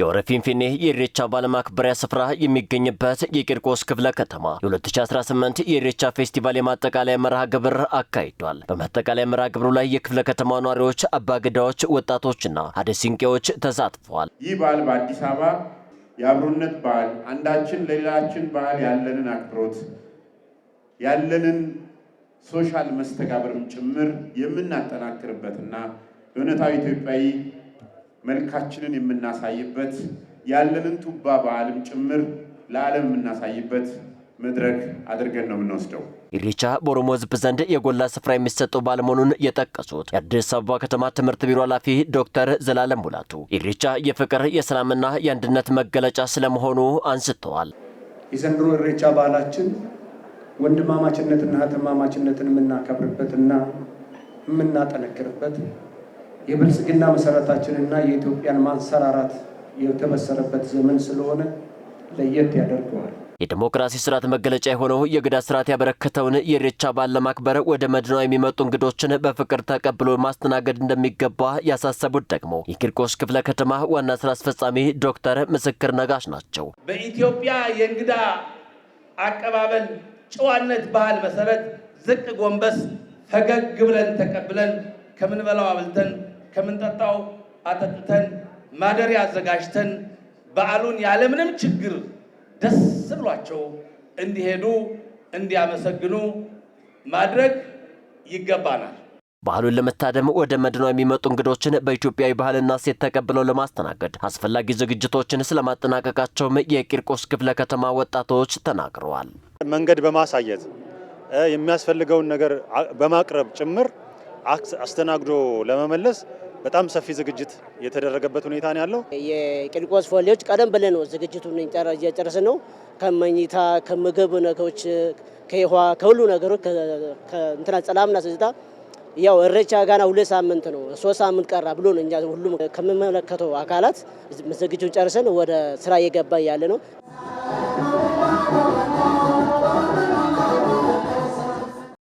የወረፊንፊኔ የኢሬቻ በዓል ማክበሪያ ስፍራ የሚገኝበት የቂርቆስ ክፍለ ከተማ የ2018 የኢሬቻ ፌስቲቫል የማጠቃለያ መርሃ ግብር አካሂዷል። በማጠቃለያ መርሃ ግብሩ ላይ የክፍለ ከተማ ነዋሪዎች፣ አባገዳዎች፣ ወጣቶችና አደሲንቄዎች ተሳትፈዋል። ይህ በዓል በአዲስ አበባ የአብሮነት በዓል አንዳችን ለሌላችን በዓል ያለንን አክብሮት ያለንን ሶሻል መስተጋብርም ጭምር የምናጠናክርበትና እውነታዊ ኢትዮጵያዊ መልካችንን የምናሳይበት ያለንን ቱባ በዓልም ጭምር ለዓለም የምናሳይበት መድረክ አድርገን ነው የምንወስደው። ኢሬቻ በኦሮሞ ሕዝብ ዘንድ የጎላ ስፍራ የሚሰጠው ባለመሆኑን የጠቀሱት የአዲስ አበባ ከተማ ትምህርት ቢሮ ኃላፊ ዶክተር ዘላለም ሙላቱ ኢሬቻ የፍቅር የሰላምና የአንድነት መገለጫ ስለመሆኑ አንስተዋል። የዘንድሮ ኢሬቻ በዓላችን ወንድማማችነትና እህትማማችነትን የምናከብርበትና የምናጠነክርበት የብልጽግና መሰረታችንና የኢትዮጵያን ማንሰራራት የተበሰረበት ዘመን ስለሆነ ለየት ያደርገዋል። የዲሞክራሲ ስርዓት መገለጫ የሆነው የግዳ ስርዓት ያበረከተውን የኢሬቻ በዓል ለማክበር ወደ መዲናዋ የሚመጡ እንግዶችን በፍቅር ተቀብሎ ማስተናገድ እንደሚገባ ያሳሰቡት ደግሞ የቂርቆስ ክፍለ ከተማ ዋና ስራ አስፈጻሚ ዶክተር ምስክር ነጋሽ ናቸው። በኢትዮጵያ የእንግዳ አቀባበል ጨዋነት ባህል መሰረት ዝቅ ጎንበስ ፈገግ ብለን ተቀብለን ከምንበላው አብልተን ከምንጠጣው አጠጥተን ማደሪያ አዘጋጅተን በዓሉን ያለምንም ችግር ደስ ብሏቸው እንዲሄዱ እንዲያመሰግኑ ማድረግ ይገባናል። ባህሉን ለመታደም ወደ መድናው የሚመጡ እንግዶችን በኢትዮጵያዊ ባህልና ሴት ተቀብለው ለማስተናገድ አስፈላጊ ዝግጅቶችን ስለማጠናቀቃቸውም የቂርቆስ ክፍለ ከተማ ወጣቶች ተናግረዋል። መንገድ በማሳየት የሚያስፈልገውን ነገር በማቅረብ ጭምር አስተናግዶ ለመመለስ በጣም ሰፊ ዝግጅት የተደረገበት ሁኔታ ነው ያለው። የቂርቆስ ፎሌዎች ቀደም ብለን ነው ዝግጅቱን እየጨረስን ነው። ከመኝታ ከምግብ ነገሮች ከይኋ ከሁሉ ነገሮች ከእንትና ጸላምና ስዝታ ያው እሬቻ ጋና ሁለት ሳምንት ነው ሶስት ሳምንት ቀራ ብሎ እኛ ሁሉም ከሚመለከተው አካላት ዝግጅቱን ጨርሰን ወደ ስራ እየገባ ያለ ነው።